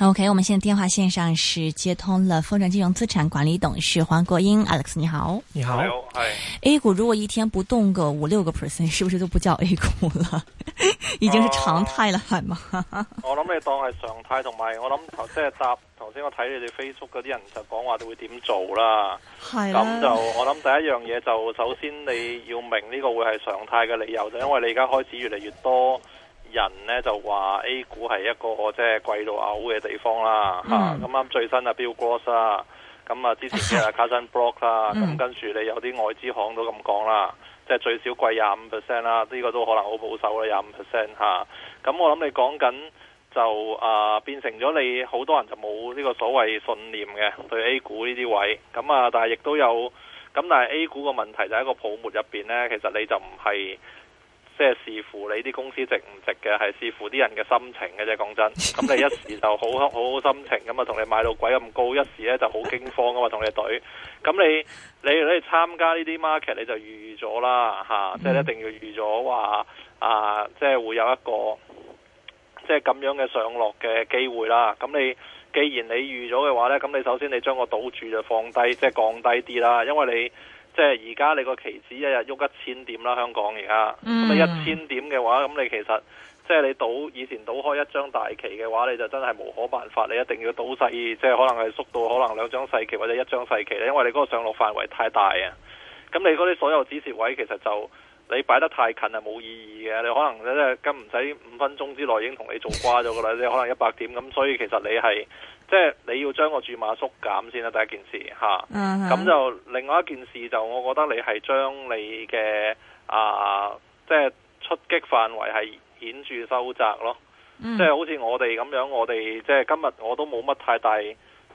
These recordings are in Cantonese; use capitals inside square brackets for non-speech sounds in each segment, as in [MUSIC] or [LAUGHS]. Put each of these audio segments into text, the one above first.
O.K. 我們現在電話線上是接通了豐展金融資產管理董事黃國英 Alex，你好，你好，你好，係 A 股如果一天不動個五六個 percent，是不是都不叫 A 股了？ [LAUGHS] 已經是常態了，係嘛？我諗你當係常態，同埋我諗頭即係答頭先， [LAUGHS] 我睇你哋 Facebook 嗰啲人就講話你會點做啦。係。咁就我諗第一樣嘢就首先你要明呢個會係常態嘅理由，就因為你而家開始越嚟越多。人咧就話 A 股係一個即係貴到嘔嘅地方啦吓，咁啱、mm. 啊、最新啊 Bill Gross 啦，咁啊之前即 Carson Block 啦，咁、mm. 跟住你有啲外資行都咁講啦，即係最少貴廿五 percent 啦，呢、呢個都可能好保守啦，廿五 percent 吓，咁我諗你講緊就啊變成咗你好多人就冇呢個所謂信念嘅對 A 股呢啲位，咁啊但係亦都有，咁、啊、但係 A 股個問題就喺個泡沫入面咧，其實你就唔係。即係視乎你啲公司值唔值嘅，係視乎啲人嘅心情嘅啫。講真，咁你一時就好好心情，咁啊同你買到鬼咁高，一時咧就好驚慌嘅嘛，同你懟。咁你你你參加呢啲 market，你就預咗啦，吓，即係一定要預咗話啊，即係會有一個即係咁樣嘅上落嘅機會啦。咁你既然你預咗嘅話呢，咁你首先你將個賭注就放低，即係降低啲啦，因為你。即係而家你個期指一日喐一千點啦，香港而家咁啊一千點嘅話，咁你其實即係你賭以前賭開一張大期嘅話，你就真係無可辦法，你一定要賭細，即係可能係縮到可能兩張細期或者一張細期咧，因為你嗰個上落範圍太大啊。咁你嗰啲所有指示位其實就你擺得太近係冇意義嘅。你可能係跟唔使五分鐘之內已經同你做瓜咗噶啦，你可能一百點咁。所以其實你係。即係你要將個注碼縮減先啦、啊，第一件事嚇。咁、uh huh. 就另外一件事就，我覺得你係將你嘅啊，即係出擊範圍係顯著收窄咯。Uh huh. 即係好似我哋咁樣，我哋即係今日我都冇乜太大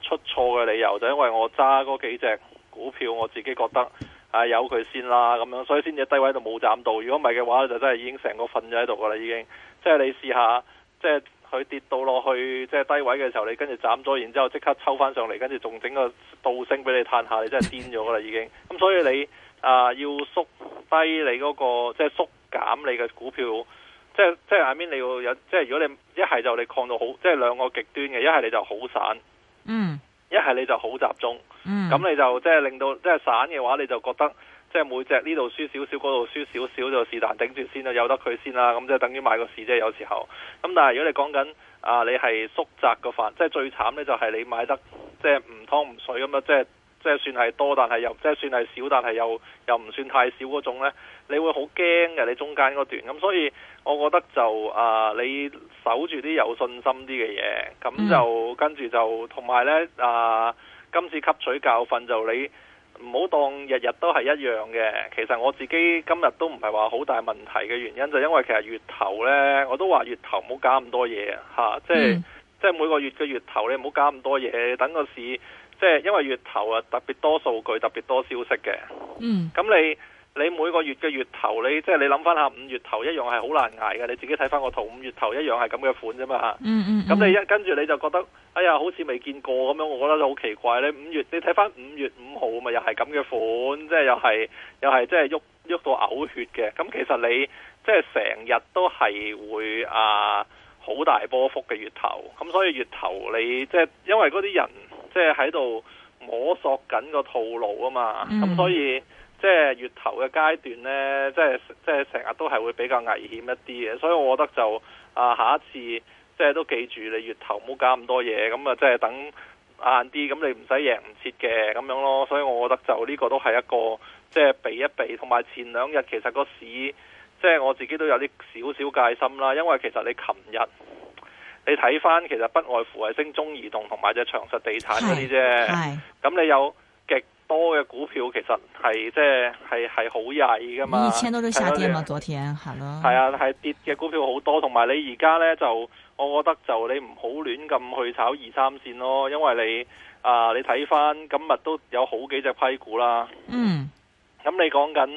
出錯嘅理由，就因為我揸嗰幾隻股票，我自己覺得有佢、啊、先啦咁樣，所以先至低位度冇斬到。如果唔係嘅話，就真係已經成個瞓咗喺度噶啦已經。即係你試下，即係。佢跌到落去即係、就是、低位嘅時候，你跟住斬咗，然之後即刻抽翻上嚟，跟住仲整個倒升俾你嘆下，你真係癲咗㗎喇已經。咁、嗯、所以你啊、呃、要縮低你嗰、那個，即係縮減你嘅股票，即係即係下面你要有，即、就、係、是、如果你一係就你抗到好，即係兩個極端嘅，一係你就好散。嗯。一係你就好集中，咁、嗯、你就即係、就是、令到即係散嘅話，你就覺得即係每隻呢度輸少少，嗰度輸少少，就是但頂住先，先啦，由得佢先啦，咁即係等於買個市啫。有時候，咁但係如果你講緊啊，你係縮窄個範，即、就、係、是、最慘呢，就係你買得即係唔湯唔水咁樣，即係即係算係多，但係又即係、就是、算係少，但係又又唔算太少嗰種呢。你會好驚嘅，你中間嗰段咁，所以我覺得就啊，你守住啲有信心啲嘅嘢，咁就、mm. 跟住就同埋呢。啊，今次吸取教訓就你唔好當日日都係一樣嘅。其實我自己今日都唔係話好大問題嘅原因，就是、因為其實月頭呢，我都話月頭唔好加咁多嘢吓，即係即係每個月嘅月頭你唔好加咁多嘢，等個市即係、就是、因為月頭啊特別多數據，特別多消息嘅，嗯，咁你。你每個月嘅月頭，你即係你諗翻下五月頭一樣係好難捱嘅。你自己睇翻個圖，五月頭一樣係咁嘅款啫嘛。嗯，嗯嗯。咁你一跟住你就覺得，哎呀，好似未見過咁樣，我覺得就好奇怪你五月你睇翻五月五號咪嘛，又係咁嘅款，即係又係又係即係喐喐到嘔血嘅。咁其實你即係成日都係會啊好大波幅嘅月頭。咁所以月頭你即係因為嗰啲人即係喺度摸索緊個套路啊嘛。咁、嗯、所以。即係月頭嘅階段呢，即係即係成日都係會比較危險一啲嘅，所以我覺得就啊下一次即係都記住你月頭唔好搞咁多嘢，咁啊即係等晏啲，咁你唔使贏唔切嘅咁樣咯。所以我覺得就呢個都係一個即係避一避。同埋前兩日其實個市即係我自己都有啲少少戒心啦，因為其實你琴日你睇翻其實不外乎係升中移動同埋隻長實地產嗰啲啫，咁你有。多嘅股票其實係即係係好曳噶嘛，以前都都下跌嘛，昨天係咯，係啊，係跌嘅股票好多，同埋你而家呢，就，我覺得就你唔好亂咁去炒二三線咯，因為你啊，你睇翻今日都有好幾隻批股啦，嗯，咁、嗯、你講緊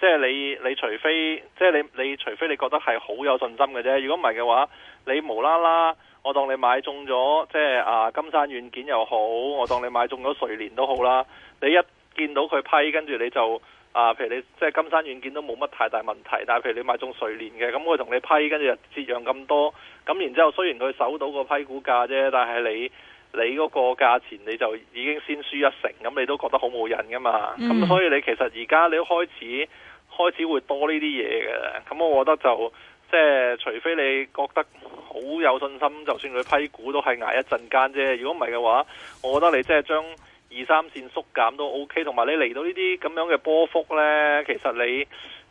即係你，你除非即係你你除非你覺得係好有信心嘅啫，如果唔係嘅話，你無啦啦。我當你買中咗，即係啊，金山軟件又好，我當你買中咗瑞聯都好啦。你一見到佢批，跟住你就啊，譬如你即係金山軟件都冇乜太大問題，但係譬如你買中瑞聯嘅，咁佢同你批，跟住就折讓咁多，咁然之後雖然佢守到個批股價啫，但係你你嗰個價錢你就已經先輸一成，咁你都覺得好冇癮噶嘛。咁，mm. 所以你其實而家你都開始開始會多呢啲嘢嘅，咁我覺得就。即係除非你覺得好有信心，就算佢批股都係捱一陣間啫。如果唔係嘅話，我覺得你即係將二三線縮減都 OK。同埋你嚟到呢啲咁樣嘅波幅呢，其實你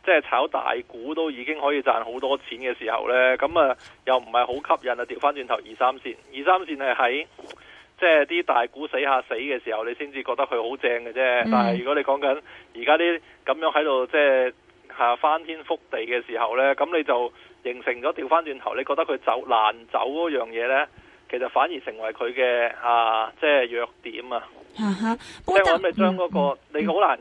即係炒大股都已經可以賺好多錢嘅時候呢。咁啊又唔係好吸引啊。調翻轉頭二三線，二三線係喺即係啲大股死下死嘅時候，你先至覺得佢好正嘅啫。嗯、但係如果你講緊而家啲咁樣喺度即係翻天覆地嘅時候呢，咁你就。形成咗掉翻轉頭，你覺得佢走難走嗰樣嘢呢？其實反而成為佢嘅啊，即係弱點啊。即係、uh huh. 我咪將嗰、那個、uh huh. 你好難，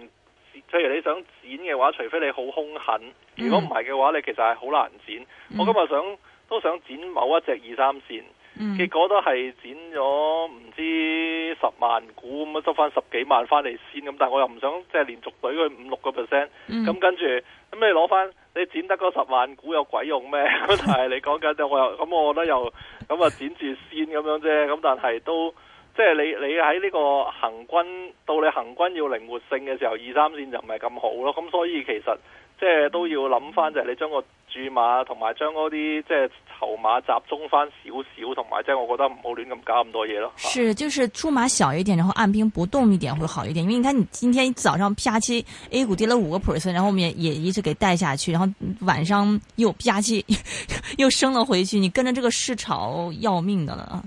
譬如你想剪嘅話，uh huh. 除非你好兇狠，如果唔係嘅話，你其實係好難剪。Uh huh. 我今日想都想剪某一隻二三線，uh huh. 結果都係剪咗唔知十萬股咁樣執翻十幾萬翻嚟先咁，但係我又唔想即、就是、連續隊佢五六個 percent，咁跟住咁你攞翻。你剪得嗰十萬股有鬼用咩？但係你講緊就我又咁，我覺得又咁啊，剪住線咁樣啫。咁但係都即係你你喺呢個行軍到你行軍要靈活性嘅時候，二三線就唔係咁好咯。咁所以其實即係都要諗返就係你將個。注碼同埋將嗰啲即係籌碼集中翻少少，同埋即係我覺得冇亂咁搞咁多嘢咯。是，就是注碼小一點，然後按兵不動一點會好一點。因為你看你今天早上啪七 [LAUGHS] A 股跌了五個 percent，然後面也，也一直給帶下去，然後晚上又啪七 [LAUGHS] [LAUGHS] 又升了回去。你跟着這個市潮要命的啦。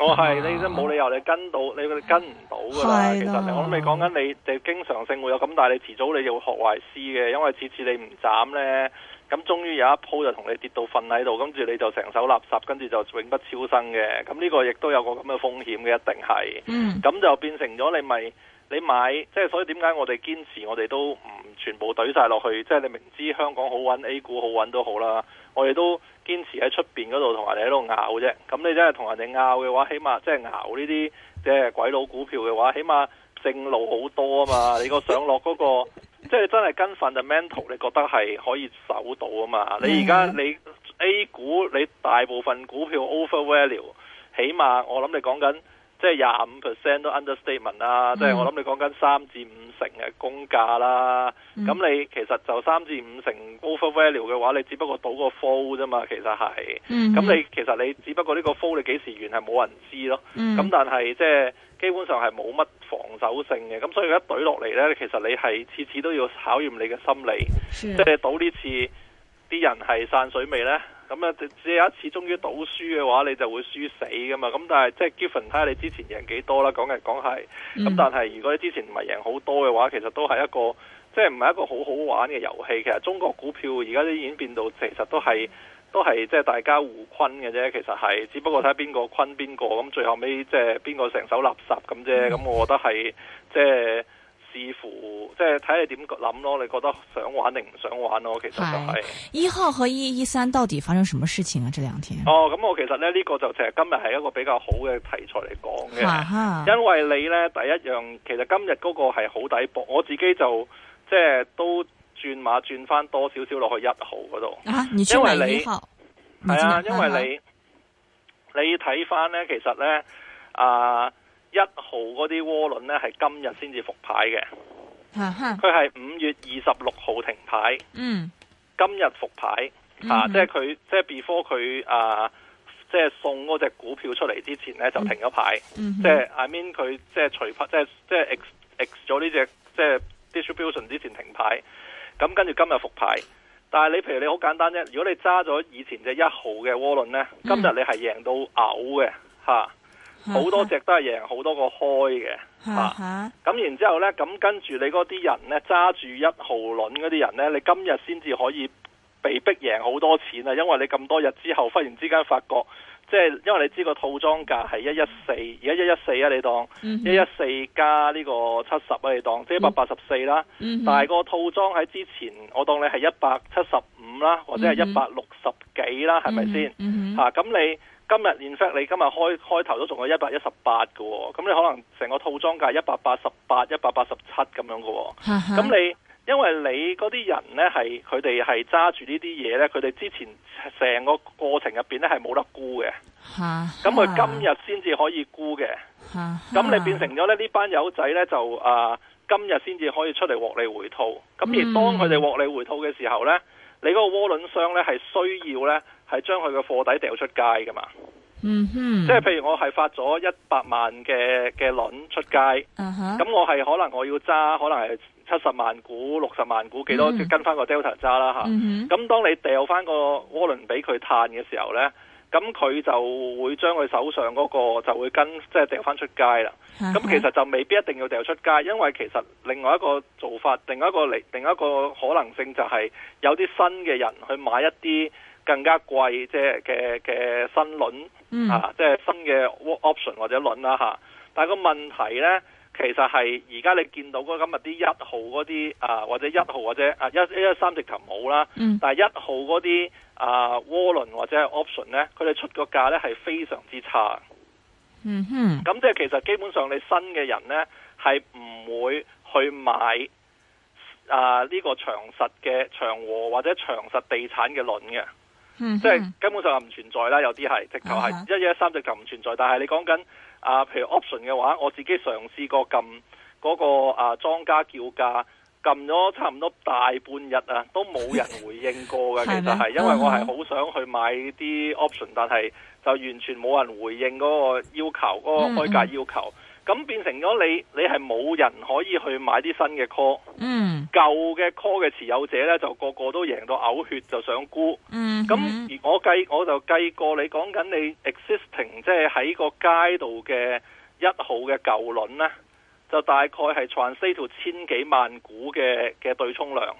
我係、哦啊、你真冇理由你跟到，你跟唔到噶的其實我未講緊你，你經常性會有咁，但係你遲早你要學壞師嘅，因為次次你唔斬咧。咁終於有一鋪就同你跌到瞓喺度，跟住你就成手垃圾，跟住就永不超生嘅。咁、這、呢個亦都有個咁嘅風險嘅，一定係。咁、嗯、就變成咗你咪你買，即、就、係、是、所以點解我哋堅持我哋都唔全部懟晒落去？即、就、係、是、你明知香港好搵 A 股好搵都好啦，我哋都堅持喺出面嗰度同人哋喺度拗啫。咁你真係同人哋拗嘅話，起碼即係拗呢啲即係鬼佬股票嘅話，起碼正路好多啊嘛！你個上落嗰、那個。 [LAUGHS] 即係真係跟 d a mental，你覺得係可以守到啊嘛？你而家你 A 股你大部分股票 o v e r v a l u e，起碼我諗你講緊。即係廿五 percent 都 understatement 啦，即係、嗯、我諗你講緊三至五成嘅公價啦。咁、嗯、你其實就三至五成 overvalue 嘅話，你只不過賭個 flow 啫嘛。其實係，咁、嗯、你其實你只不過呢個 flow 你幾時完係冇人知咯。咁、嗯、但係即係基本上係冇乜防守性嘅。咁所以一懟落嚟呢，其實你係次次都要考驗你嘅心理。即係賭呢次啲人係散水未呢？咁啊，只有一次終於賭輸嘅話，你就會輸死㗎嘛。咁但係即係 Giffen 睇下你之前贏幾多啦。講緊講係，咁但係如果你之前唔係贏好多嘅話，其實都係一個即係唔係一個好好玩嘅遊戲。其實中國股票而家都已經變到，其實都係都係即係大家互坤嘅啫。其實係，只不過睇下邊個坤邊個，咁最後尾即係邊個成手垃圾咁啫。咁我覺得係即係。似乎，即係睇你點諗咯。你覺得想玩定唔想玩咯？其實就係、是、一號和一一三到底發生什麼事情啊？這兩天哦，咁、嗯、我其實咧呢、這個就其實今日係一個比較好嘅題材嚟講嘅， [LAUGHS] 因為你呢，第一樣其實今日嗰個係好抵博，我自己就即係都轉馬轉翻多少少落去一號嗰度， [LAUGHS] 因為你係啊，啊，因為你你睇翻呢，其實呢。啊、呃。一號嗰啲窩輪咧，係今日先至復牌嘅。佢係五月二十六號停牌。嗯。Mm. 今日復牌，mm hmm. 啊，即係佢，即係 before 佢啊，即係送嗰隻股票出嚟之前咧，就停咗牌。Mm hmm. 即係 I mean 佢即係除牌，即係即係 ex ex 咗呢隻即係 distribution 之前停牌。咁跟住今日復牌，但係你譬如你好簡單啫，如果你揸咗以前隻一號嘅窩輪咧，今日你係贏到嘔嘅，嚇、mm. 啊。好多隻都係贏好多個開嘅，咁然之後呢，咁跟住你嗰啲人呢，揸住一號輪嗰啲人呢，你今日先至可以被逼贏好多錢啊！因為你咁多日之後忽然之間發覺，即係因為你知個套裝價係一一四，而家一一四啊，你當一一四加呢個七十啊，你當即一百八十四啦。嗯、哼但係個套裝喺之前，我當你係一百七十五啦，或者係一百六十幾啦，係咪先？咁你。今日連 in fact 你今日開開頭都仲有一百一十八嘅，咁你可能成個套裝價一百八十八、一百八十七咁樣嘅，咁你因為你嗰啲人呢，係佢哋係揸住呢啲嘢呢，佢哋之前成個過程入面呢，係冇得沽嘅，咁佢今日先至可以沽嘅，咁你變成咗呢班友仔呢，就啊，今日先至可以出嚟獲利回吐。咁而當佢哋獲利回吐嘅時候呢。嗯你個窩輪商呢係需要呢，係將佢個貨底掉出街噶嘛？嗯嗯、mm hmm. 即係譬如我係發咗一百萬嘅嘅輪出街，咁、uh huh. 我係可能我要揸可能係七十萬股、六十萬股幾多、mm hmm. 跟翻個 Delta 揸啦嚇。咁、啊 mm hmm. 當你掉翻個窩輪俾佢嘆嘅時候呢。咁佢就會將佢手上嗰個就會跟即係掉返出街啦。咁其實就未必一定要掉出街，因為其實另外一個做法，另外一個嚟，另外一個可能性就係有啲新嘅人去買一啲更加貴即係嘅嘅新輪、嗯、啊，即係新嘅 option 或者輪啦嚇。但係個問題呢。其實係而家你見到嗰今日啲一號嗰啲啊，或者一號或者啊一一,一三隻琴冇啦，嗯、但係一號嗰啲啊窩輪或者係 option 咧，佢哋出個價咧係非常之差。嗯哼，咁即係其實基本上你新嘅人咧係唔會去買啊呢、呢個長實嘅長和或者長實地產嘅輪嘅。嗯，即係根本上唔存在啦，有啲係，直頭係一、一、三隻就唔存在，但係你講緊啊，譬如 option 嘅話，我自己嘗試過撳嗰、個啊莊家叫價，撳咗差唔多大半日啊，都冇人回應過嘅，其實係，因為我係好想去買啲 option，但係就完全冇人回應嗰個要求，嗰個、嗯、哼開價要求。咁變成咗你，你係冇人可以去買啲新嘅 call，嗯，舊嘅 call 嘅持有者咧，就個個都贏到嘔血，就想沽，嗯哼，咁我計我就計過你，你講緊你 existing 即係喺個街度嘅一號嘅舊輪咧，就大概係 translate 到千幾萬股嘅嘅對沖量，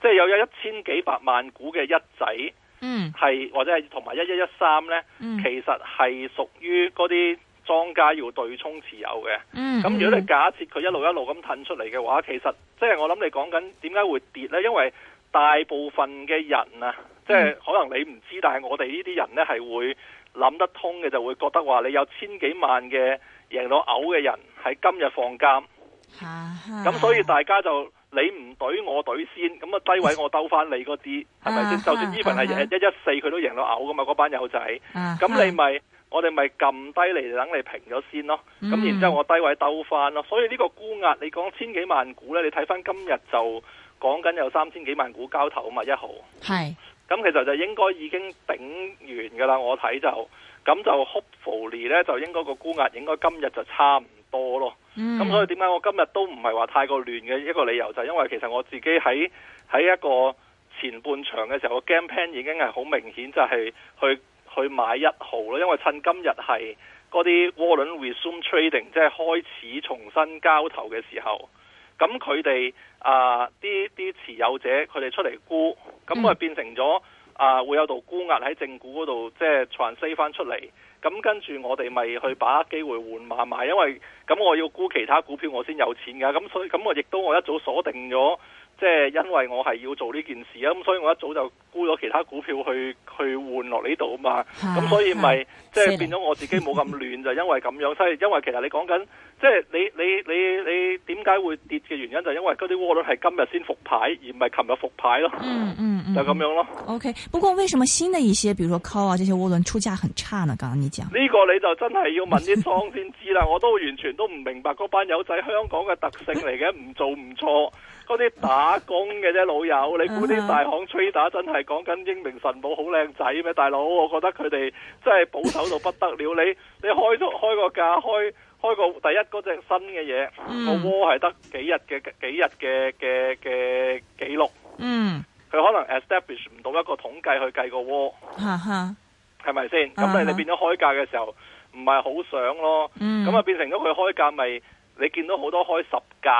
即係有有一千幾百萬股嘅一仔，嗯，或者係同埋一一一三咧，嗯、其實係屬於嗰啲。莊家要對沖持有嘅，咁、嗯、如果你假設佢一路一路咁騰出嚟嘅話，其實即係、就是、我諗你講緊點解會跌呢？因為大部分嘅人啊，即、就、係、是、可能你唔知，但係我哋呢啲人呢係會諗得通嘅，就會覺得話你有千幾萬嘅贏到嘔嘅人喺今日放監，咁、啊啊、所以大家就你唔賭我賭先，咁啊低位我兜翻你嗰啲，係咪先？就算 even 係一一四佢都贏到嘔噶嘛，嗰班友仔，咁、啊、你咪。啊啊我哋咪撳低嚟等你平咗先咯，咁、嗯、然之後我低位兜翻咯，所以呢個沽壓你講千幾萬股呢，你睇翻今日就講緊有三千幾萬股交投啊嘛，一毫咁是、嗯、其實就應該已經頂完㗎啦。我睇就咁就 Hopefully 呢，就應該個沽壓應該今日就差唔多咯。咁、嗯、所以點解我今日都唔係話太過亂嘅一個理由，就係、是、因為其實我自己喺喺一個前半場嘅時候，個 Game Plan 已經係好明顯就係去。去買一號咯，因為趁今日係嗰啲渦輪 resume trading，即係開始重新交投嘅時候，咁佢哋啊啲啲持有者佢哋出嚟沽，咁啊變成咗啊、呃、會有道沽壓喺正股嗰度，即係 transit 翻出嚟，咁跟住我哋咪去把握機會換馬買，因為咁我要沽其他股票我先有錢㗎，咁所以咁我亦都我一早鎖定咗。即係因為我係要做呢件事啊，咁所以我一早就沽咗其他股票去去換落呢度啊嘛，咁、啊嗯、所以咪即係變咗我自己冇咁亂 [LAUGHS] 就因為咁樣。所以因為其實你講緊即係你你你你點解會跌嘅原因就因為嗰啲窩輪係今日先復牌而唔係琴日復牌咯。嗯嗯，嗯嗯就咁樣咯。OK，不過為什麼新的一些，比如說 call 啊，這些窩輪出價很差呢？剛剛你講呢個，你就真係要問啲莊先知啦。 [LAUGHS] 我都完全都唔明白嗰班友仔，香港嘅特性嚟嘅，唔做唔錯。啊嗰啲打工嘅啫，老友，uh, 你估啲大行 trader 真係講緊英明神武好靚仔咩？大佬，我覺得佢哋真係保守到不得了。 [LAUGHS] 你你開咗開個價，開開個第一嗰、那個嗯、隻新嘅嘢，個窩係得幾日嘅幾日嘅嘅嘅記錄。嗯，佢可能 establish 唔到一個統計去計個窩，係咪先？咁你、uh, 你變咗開價嘅時候唔係好想咯。咁啊、嗯，變成咗佢開價咪、就是。你見到好多開十格，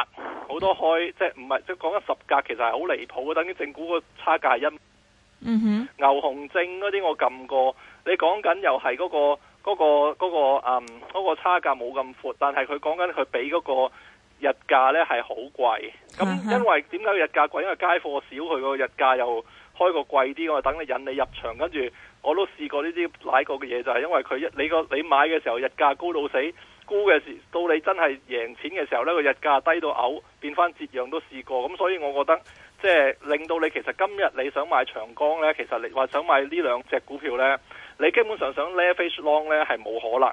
好多開即係唔係即係講緊十格，其實係好離譜嘅，等於的、嗯、哼正股、嗰個嗰個嗰個嗯嗰個差價係一。嗯哼。牛熊證嗰啲我撳過，你講緊又係嗰個嗰個嗰個差價冇咁闊，但係佢講緊佢俾嗰個日價咧係好貴。咁因為點解日價貴？因為街貨少，佢個日價又開個貴啲，我等你引你入場，跟住我都試過呢啲買過嘅嘢，就係、是、因為佢一你個你買嘅時候日價高到死。估嘅時到你真係贏錢嘅時候呢個日價低到嘔，變翻折讓都試過，咁所以我覺得即係、就是、令到你其實今日你想買長江呢，其實你話想買呢兩隻股票呢，你基本上想 leverage long 呢係冇可能。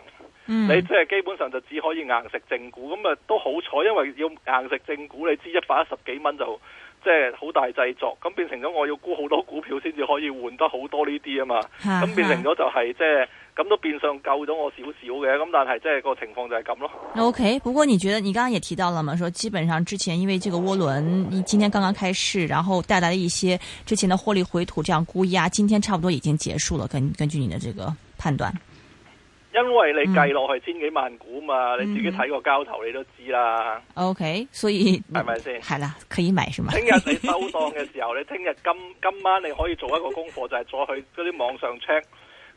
嗯、你即係、就是、基本上就只可以硬食正股，咁啊都好彩，因為要硬食正股，你知一百一十幾蚊就即係好大製作，咁變成咗我要沽好多股票先至可以換得好多呢啲啊嘛，咁、嗯、變成咗就係即係。就是就是咁都變相救咗我少少嘅，咁但係即係個情況就係咁咯。O、okay, K，不過你覺得你剛剛也提到了嘛？說基本上之前因為這個渦輪，你今天剛剛開市，然後帶來了一些之前的獲利回吐，這樣沽壓、啊，今天差不多已經結束了。根根據你的這個判斷，因為你計落去千幾萬股嘛，嗯、你自己睇個交投你都知啦。O、okay, K，所以係咪先？係啦，可以買是嘛？聽 [LAUGHS] 日你收檔嘅時候，你聽日今今晚你可以做一個功課，就係、是、再去嗰啲網上 check。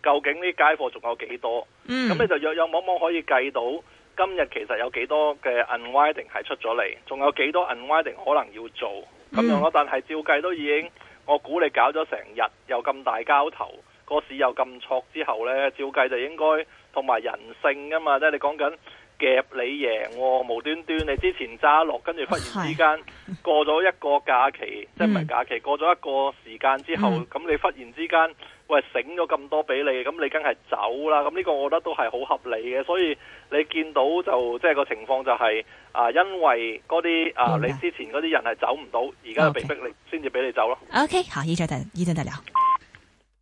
究竟呢啲街貨仲有幾多？咁、嗯、你就若有冇冇可以計到今日其實有幾多嘅 unwinding 係出咗嚟，仲有幾多 unwinding 可能要做咁樣咯？嗯、但係照計都已經，我估你搞咗成日又咁大交投、個市又咁挫之後呢，照計就應該同埋人性噶嘛？即係你講緊夾你贏、哦，無端端你之前揸落，跟住忽然之間過咗一個假期，嗯、即唔係假期，過咗一個時間之後，咁、嗯、你忽然之間。喂，醒咗咁多俾你，咁你梗係走啦。咁呢個我覺得都係好合理嘅，所以你見到就即係、就是、個情況就係、是、啊，因為嗰啲啊，你之前嗰啲人係走唔到，而家就被逼你先至俾你走咯。OK，好，依家第依家第聊。